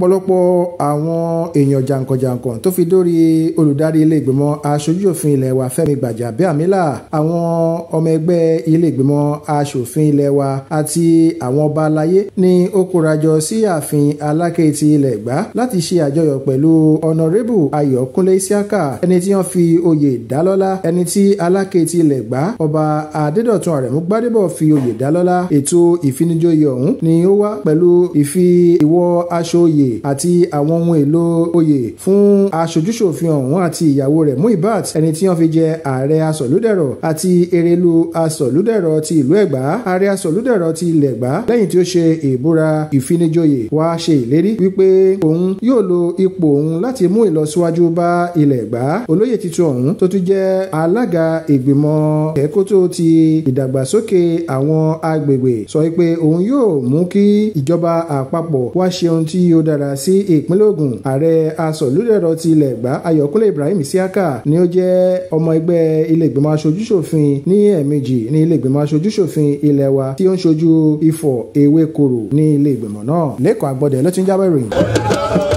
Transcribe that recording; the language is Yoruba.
ọ̀pọ̀lọpọ̀ àwọn èèyàn jàǹkànjàǹkàn tó fi dórí olùdarí ilé ìgbìmọ̀ aṣojú òfin ilé wa Fẹ́mi Gbàjàbíàmílà àwọn ọmọ ẹgbẹ́ ilé ìgbìmọ̀ aṣòfin ilé wa àti àwọn ọba aláyé ni ó kórajọ sí ààfin Aláké ti ilẹ̀ Ẹ̀gbá láti ṣe àjọyọ̀ pẹ̀lú ọ̀nàrẹ́bù Ayọ̀kúnlé Isiaka ẹni tí wọ́n fi oyè dálọ́lá ẹni tí Aláké ti ilẹ̀ Ẹ̀gbá ọba Adédọ̀tun Àrẹ̀mú Gbádébọ̀ fi oyè dálọ́lá ètò ìfinijoyè ọ̀hún ni ó wá pẹ̀lú ìfi oyè àti àwọn ohun èlò oyè fún aṣojúṣòfin ọ̀hún àti ìyàwó rẹ̀ Muibat ẹni tí wọ́n fi jẹ ààrẹ asọ̀lúdẹ̀rọ̀ àti erelu asọ̀lúdẹ̀rọ̀ ti ìlú Ẹ̀gbá ààrẹ asọ̀lúdẹ̀rọ̀ ti ilẹ̀ Ẹ̀gbá lẹ́yìn tí ó ṣe ìbúra ìfinijoyè wá ṣe ìlérí wípé òun yóò lo ipò òun láti mú ìlọsíwájú bá ilẹ̀ Ẹ̀gbá olóyè tuntun ọ̀hún tó tún jẹ́ alága ìgbìmọ̀ ẹ̀kótó ti ìdàgbàsókè àwọn agbègbè sọ pé òun yóò mú kí ìjọba àpapọ̀ wá ṣe ohun tí ó dára padà sí ìpínlẹ̀ Ògùn ààrẹ asọ̀lúdẹ̀rọ̀ ti ilẹ̀ Ẹ̀gbá Ayọ̀kúnlé Ibrahim Isiaka ni ó jẹ́ ọmọ ẹgbẹ́ ilé ìgbìmọ̀ aṣojúṣòfin ní ẹ̀ẹ̀mejì ní ilé ìgbìmọ̀ aṣojúṣòfin ilẹ̀ wa tí ó ń ṣojú Ifọ̀ Ewékorò ní ilé ìgbìmọ̀ náà lẹ́kọ̀ọ́ àgbọ̀dẹ̀ ló ti ń jábọ̀ ìròyìn.